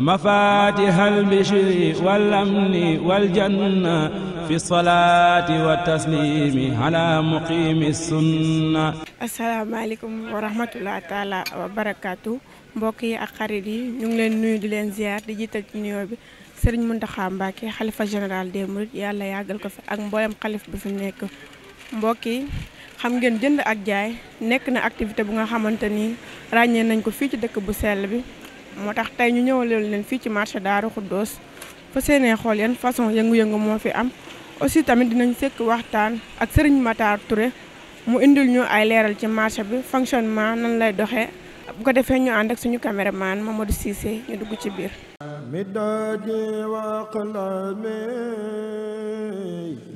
مفاتيح البشر والأمن والجنة في الصلاة والتسليم على مقيم السنة السلام عليكم ورحمة الله تعالى وبركاته mbokk yi ak xarit yi ñu ngi leen nuyu di leen ziar di jiital ci nuyoo bi sëriñ Mountakha Mbacké xalifa général des yàlla yàggal ko fi ak mboolem xalif bi fi nekk mbokk yi xam ngeen jënd ak jaay nekk na activité bu nga xamante ni ràññee nañ ko fii ci dëkk bu sell bi moo tax tey ñu ñëwaleel leen fii ci marché Daaru Xuddoos fa seenee xool yan façon yëngu-yëngu moo fi am aussi tamit dinañ sekk waxtaan ak Serigne Matar Touré mu indil ñu ay leeral ci marché bi fonctionnement nan lay doxee bu ko defee ñu ànd ak suñu caméraman Mamadou Cissé ñu dugg ci biir midaadi wa qalami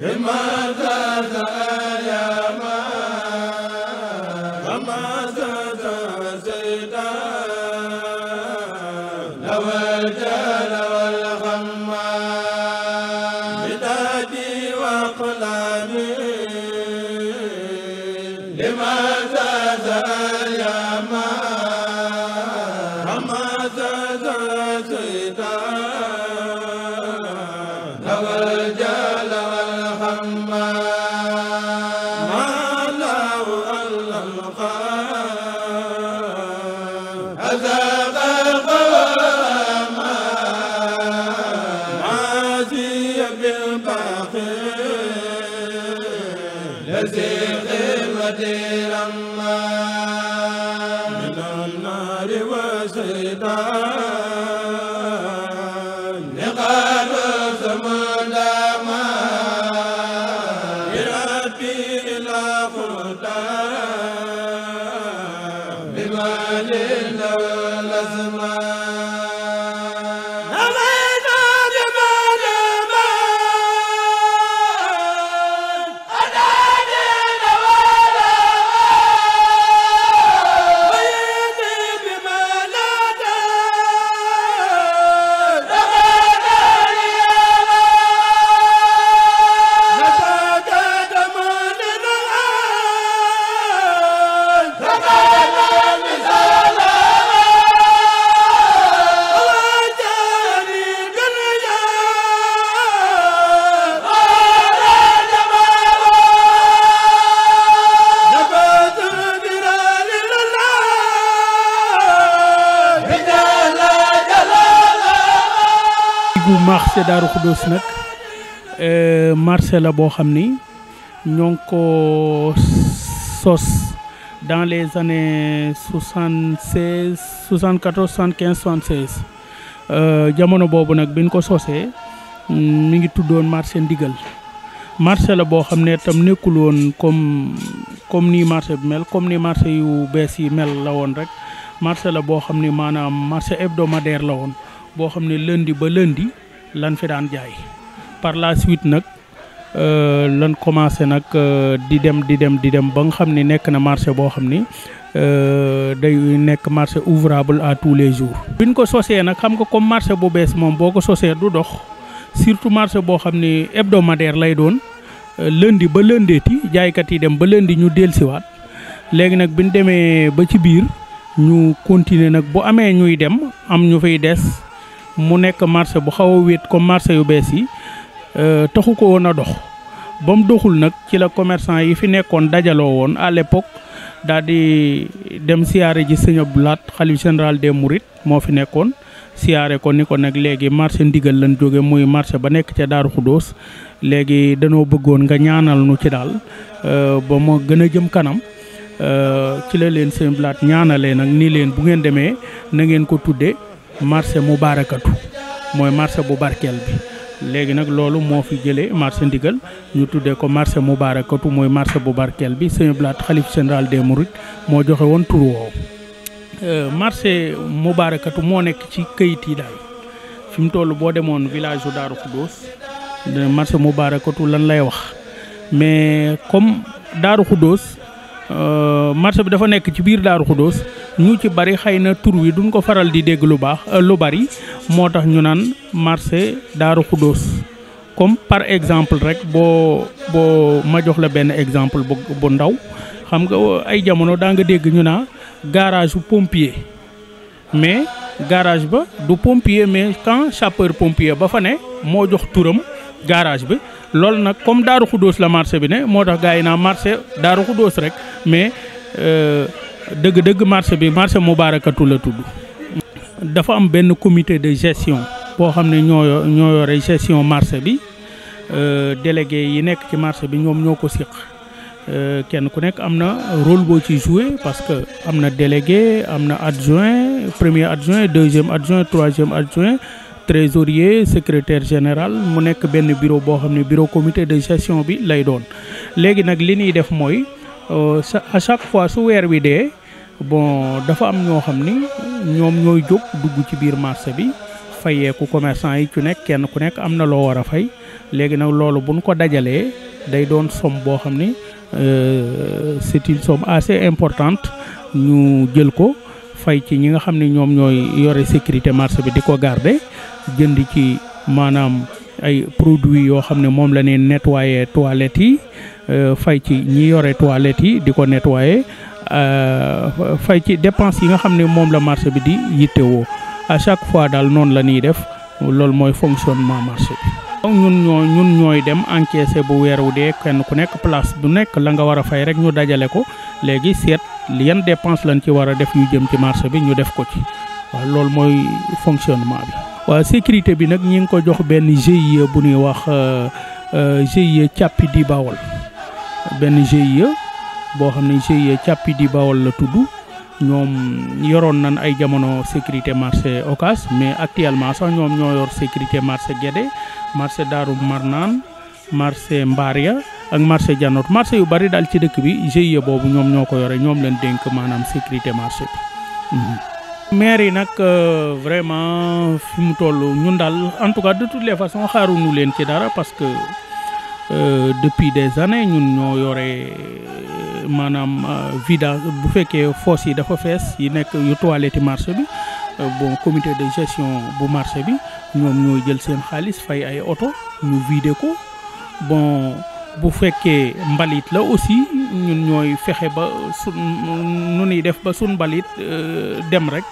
lima zaada xëy marché Daaru Xuddoos nag euh, marché la boo xam ni ñoo ko sos dans les années soixante seize soixante quatorze soixante quinze soixante seize euh, jamono boobu nag bi ñu ko sosee mu mm, ngi tuddoon marché Ndigal marché la boo xam ne tam nekkul woon comme comme nii marché bi mel comme ni marché yu bees yi mel la woon rek marché la boo xam ni maanaam marché hebdomadaire la woon boo xam ne lundi ba lundi. lan fi daan jaay par la suite nag euh, lan commencé nag euh, di dem di dem di dem ba nga xam ni nekk na marché boo xam ni euh, day nekk marché ouvrable à tous les jours. bi ñu ko sosee nag xam nga comme marché bu bees moom boo ko sosee du dox surtout marché boo xam ni hebdomadaire lay doon lundi ba lundeeti jaaykat yi dem ba lundi ñu dellusiwaat léegi nag bi ñu demee ba ci biir ñu continuer nag bu amee ñuy dem am ñu fay des. mu nekk marché bu xaw a wéet ko marché yu bees yi euh, taxu ko woon a dox ba mu doxul nag ci la commerçant yi fi nekkoon dajaloo woon à l'époque daal di dem siyaare ji sëñ Abdou Lahat xalif général des Mourides moo fi nekkoon siyaare ko ni ko nag léegi marché ndigal lan jóge muy marché ba nekk ca Daaru Xudóos léegi danoo bëggoon nga ñaanal nu ci daal euh, ba ma gën a jëm kanam euh, ci la leen sëñ Abdou Lahat ñaanalee nag nii leen bu ngeen demee na ngeen ko tudde marché mubaarakatu mooy marché bu barkeel bi léegi nag loolu moo fi jëlee marché ndigal ñu tuddee ko marché mubaarakatu mooy marché bu barkeel bi sëñ Blaat xalif général de Mourides moo joxe woon turu woowu. Euh, marché mubaarakatu moo nekk ci këyit yi daal fi mu toll boo demoon village su Daaru Xuddoos marché mubaarakatu lan lay wax mais comme Daaru Xuddoos Euh, marché bi dafa nekk ci biir Daaru Xudóos ñu ci bari xëy na tur wi duñ ko faral di dégg lu baax euh, lu bari moo tax ñu naan marché Daaru Xudóos comme par exemple rek boo boo ma jox la benn exemple bu ndaw xam nga euh, ay jamono daa nga dégg ñu naa garage bu pompier mais garage ba du pompier mais quand chapeur pompier ba fa ne moo jox turam garage bi loolu nag comme Daaru Xudóos la marché bi ne moo tax gars yi naa marché Daaru Xudóos rek mais euh, dëgg-dëgg marché bi marché Moubarakatu la tudd. dafa am benn comité de gestion boo xam ne ñoo ñoo yore gestion marché bi euh, délégué yi nekk ci marché bi ñoom ñoo ko siq euh, kenn ku nekk am na rôle boo ciy joué parce que am na délégué am na adjoint premier adjoint deuxième adjoint troisième adjoint. trésorier secrétaire général mu nekk benn bureau boo xam ne bureau comité de gestion bi lay doon léegi nag li ñuy def mooy euh, sa à chaque fois su weer wi dee bon dafa am ñoo xam ni ñoom ñooy jóg dugg ci biir marché bi fayeeku commerçant yi ci nekk kenn ku nekk am na loo war a fay léegi nag loolu buñ ko dajalee day doon somme boo xam ni euh, c'est une somme assez importante ñu jël ko fay ci ñi nga xam ne ñoom ñooy yore sécurité marché bi di ko garder jënd ci maanaam ay produits yoo xam ne moom la ñuy nettoyer toilettes yi euh, fay ci ñi yore toilettes yi di ko nettoyer euh, fay ci dépense yi nga xam ne moom la marché bi di yittewoo à chaque fois daal noonu la ñuy def loolu mooy fonctionnement marché bi. ñun ñoo ñooy dem encaissé bu weer wu dee kenn ku nekk place bu nekk la nga war a fay rek ñu dajale ko léegi seet yan dépense lañ ci war a def yu jëm ci marché bi ñu def ko ci loolu mooy fonctionnement bi. waa sécurité bi nag ñi ngi ko jox benn GIE bu ñuy wax euh, euh, GIE càppi di bawol benn GIE boo xam ne GIE càppi di bawol la tudd ñoom yoroon nañ ay jamono sécurité marché Ocass mais actuellement sax ñoom ñoo yor sécurité marché Guédé marché Daaru Marnaan marché Mbaria ak marché Janoot marché yu bari daal ci dëkk bi GIE boobu ñoom ñoo ko yore ñoom leen dénk maanaam sécurité marché maire yi nag euh, vraiment fi mu toll ñun daal en tout cas de toutes les façons xaaruñu leen ci dara parce que euh, depuis des années ñun ñoo yore euh, maanaam vida bu fekkee fosse yi dafa fees yi nekk yu toilette marché bi bon comité de gestion bu marché bi ñoom ñooy jël seen xaalis fay ay oto ñu vider ko bon bu fekkee mbalit la aussi ñun ñooy fexe ba sun nu ñuy def ba sun mbalit euh, dem rek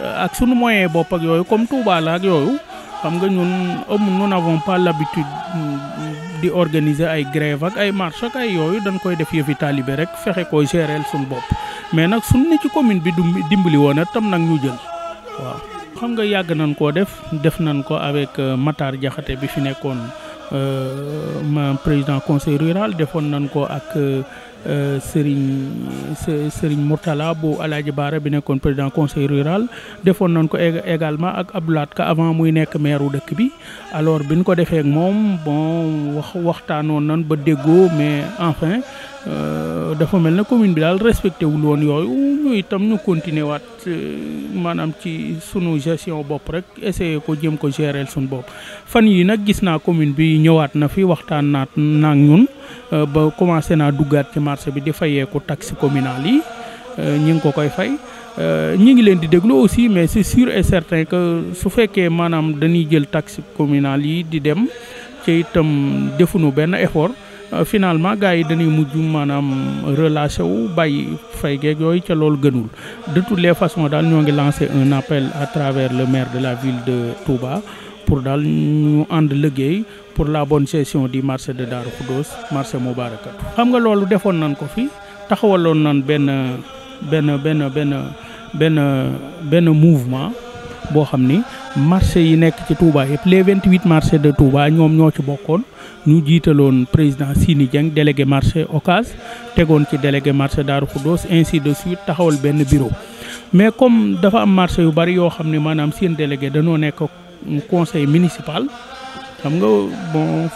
euh, ak sunu moyen bopp ak yooyu comme Touba yooyu xam nga ñun amu nous n'avons pas euh, di organiser ay grève ak ay marche ak ay yooyu dañ koy def yëfi taalibe rek fexe ko gérer suñu bopp mais nag suñ ne ci commune bi du dimbali woon tam nag ñu jël waaw xam nga yàgg nañ koo def def nañ ko avec Matar Jaxate bi fi nekkoon ma euh, président conseil rural defoon nañ ko ak euh, Serigne Serigne Mourtala bu Alaaji Baara bi nekkoon président conseil rural defoon nañ ko également ak Abdoulaat Ka avant muy nekk maire dëkk bi alors bi ñu ko defee moom bon wax waxtaanoon nan ba déggo mais enfin Euh, dafa mel ne commune bi daal respecté wul woon yooyu ñu itam ñu continuer waat euh, maanaam ci sunu gestion bopp rek essayer ko jëm ko gérer sunu bopp fan yi nag gis naa commune bi ñëwaat na fi waxtaan naat naag ñun euh, ba commencé naa duggaat ci marché bi di fayeeku taxe communale yi ñu ngi ko koy fay ñu ngi leen di déglu aussi mais c'est sûr et certain que su fekkee maanaam dañuy jël taxe communale yi di dem ci itam defunu benn effort Euh, finalement gars yi dañuy mujj maanaam relâché wu bàyyi fay geeg yooyu ca loolu gënul de toutes les façons daal ñoo ngi lancé un appel à travers le maire de la ville de Touba pour daal ñu ànd liggéey pour la bonne gestion di marché de Darou dos marché Moubarakatu xam nga loolu defoon nañ ko fi taxawaloon nañ benn benn benn benn benn benn mouvement boo xam ni marché yi nekk ci Touba yëpp les vingt huit marchés de Touba ñoom ñoo ci bokkoon ñu jiitaloon président Sini Dieng délégué marché Ocas tegoon ci délégué marché Darou Khoudoss ainsi de suite taxawal benn bureau mais comme dafa am marché yu bari yoo xam ne maanaam seen délégué danoo nekk conseil municipal xam nga bon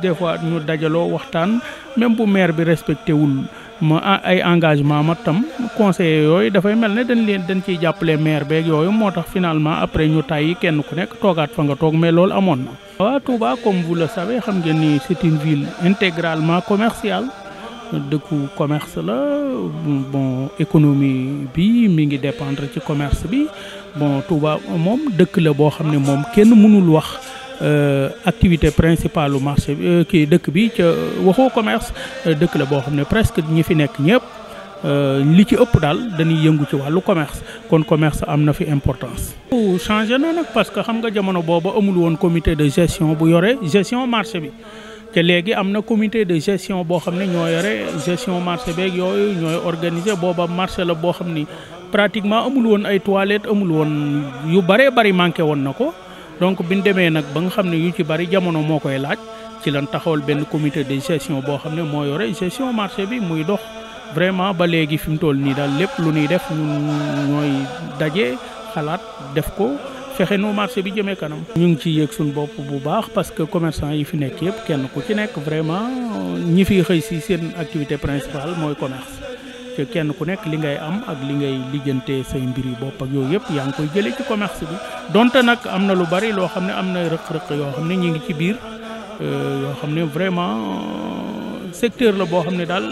des fois ñu dajaloo waxtaan même bu maire bi respecté wul. ma ay engagement ma tam conseiller yooyu dafay mel ne dañ leen dañ ciy jàppale maire beeg yooyu moo tax finalement après ñu tàyyi kenn ku nekk toogaat fa nga toog mais loolu amoon na. waaw Touba comme vous le savez xam ngeen nii c'est une ville intégralement commerciale dëkku commerce la bon économie bi mi ngi dépendre ci commerce bi bon Touba moom dëkk la boo xam ne moom kenn mënul wax. Euh, activité principale lu marché bi euh, kii dëkk bi ca euh, waxoo commerce dëkk la boo xam ne presque ñi fi nekk ñëpp li ci ëpp daal dañuy yëngu ci wàllu commerce kon commerce am na fi importance. changé na nag parce que xam nga jamono booba amul woon comité de gestion bu yore gestion marché bi te léegi am na commité de gestion boo xam ne ñoo yore gestion marché beeg yooyu ñooy organiser booba marché la boo xam ni pratiquement amul woon ay toilettes amul woon yu bare bari manqué woon na ko. donc bi ñu demee nag ba nga xam ne yu ci bari jamono moo koy laaj ci lan taxawul benn comité de gestion boo xam ne moo yore gestion marché bi muy dox vraiment ba léegi fi mu toll nii daal lépp lu nuy def ñun ñooy daje xalaat def ko fexe nu marché bi jëmee kanam. ñu ngi ciy yëg suñu bopp bu baax parce que commerçant yi fi nekk yëpp kenn ku ci nekk vraiment ñi fi xëy si seen activité principale mooy commerce. que kenn ku nekk li ngay am ak li ngay lijjantee say mbir yi bopp ak yooyu yëpp yaa ngi koy jëlee ci commerce bi donte nag am na lu bari loo xam ne am na rëq-rëq yoo xam ne ñu ngi ci biir euh, yoo xam ne vraiment euh, secteur la boo xam ne daal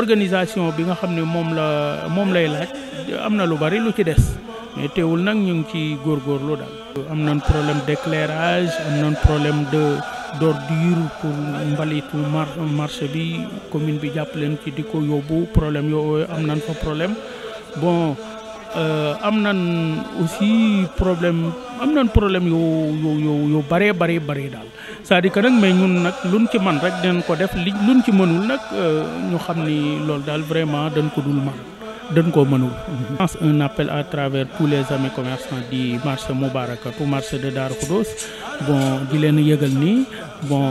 organisation bi nga xam ne moom la moom lay laaj am na lu bari lu ci des mais teewul nag ñu ngi ci góorgóorlu daal. am nañ problème d'éclairage am nañ problème de. d'ordure pour mbalitu mar marché bi commune bi jàpp leen ci di ko yóbbu problème yooyu am nañ fa problème bon euh, am na aussi problème am nan problème yu yu yu yu bëree bëri bëri daal saa à dire nag mais ñun nag luñ ci man rek dinañ ko def li luñ ci mënul nag euh, ñu xam ni loolu daal vraiment dañ ko dul man dañ koo mënul. lance un appel à travers tous les amis commerçants di marché Moubaracatou marché de Darou Khoudoss bon di leen yëgal ni bon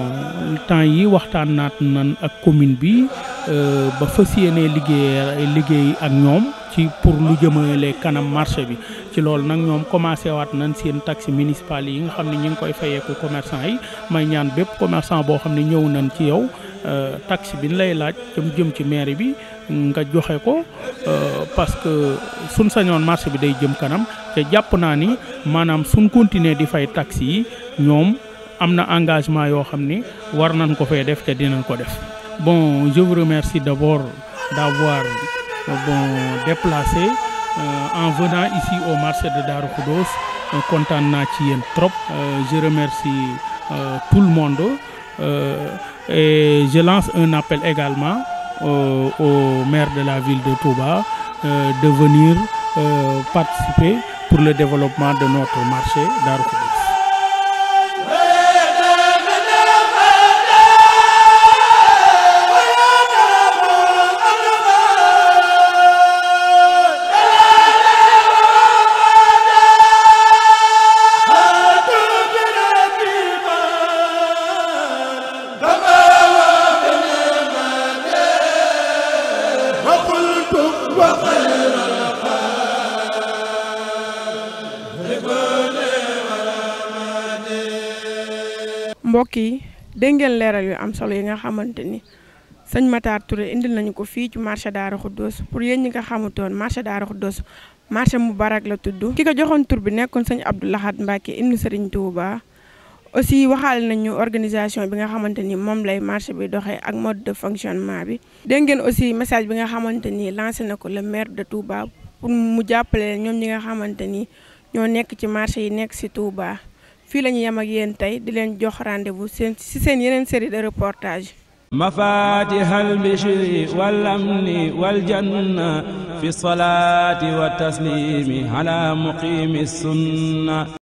temps yi waxtaan naat nan ak commune bi euh, ba fas yéenee liggéey liggéey ak ñoom ci pour lu jëmale kanam marché bi. ci loolu nag ñoom commencé waat nañ seen taxi municipal yi nga xam ne ñu ngi koy fayeeku commerçant yi may ñaan bépp commerçant boo xam ne ñëw nan ci yow euh, taxi bi ñu lay laaj jëm jëm ci mairie bi. nga joxe ko euh, parce que suñ sañoon marché bi day jëm kanam te jàpp naa ni maanaam suñ continuer di fay taxi yi ñoom am na engagement yoo xam ni war nañ ko fee def te dinañ ko def bon je vous remercie d'abord d'avoir euh, bon déplacé euh, en venant ici au marché de Darou Khoudoss kontaan naa ci yéen trop je remercie tout le monde et je lance un appel également au, au maire de la ville de Touba euh, de venir euh, participer pour le développement de notre marché d'Arcoubès. mbokk yi dégg ngeen leeral yu am solo yi nga xamante ni sëñ Matar Touré indil nañu ko fii ci marché Darou Khoudoss pour yéen ñu nga xamutoon marché Darou Khoudoss marché Moubarak la tudd ki ko joxoon tur bi nekkoon sëñ Abdou Lahad Mbacke ibnu Sëriñ Touba aussi waxaale nañu organisation bi nga xamante ni moom lay marché bi doxee ak mode de fonctionnement bi dégg ngeen aussi message bi nga xamante ni lancé na ko le maire de Touba pour mu jàppale ñoom ñi nga xamante ni ñoo nekk ci marché yi nekk si Touba fii la ñu yem ak yéen tey di leen jox rendez-vous seen si seen yeneen série de reportage مفاتيح البشر والأمن والجنة في الصلاة والتسليم على مقيم السنة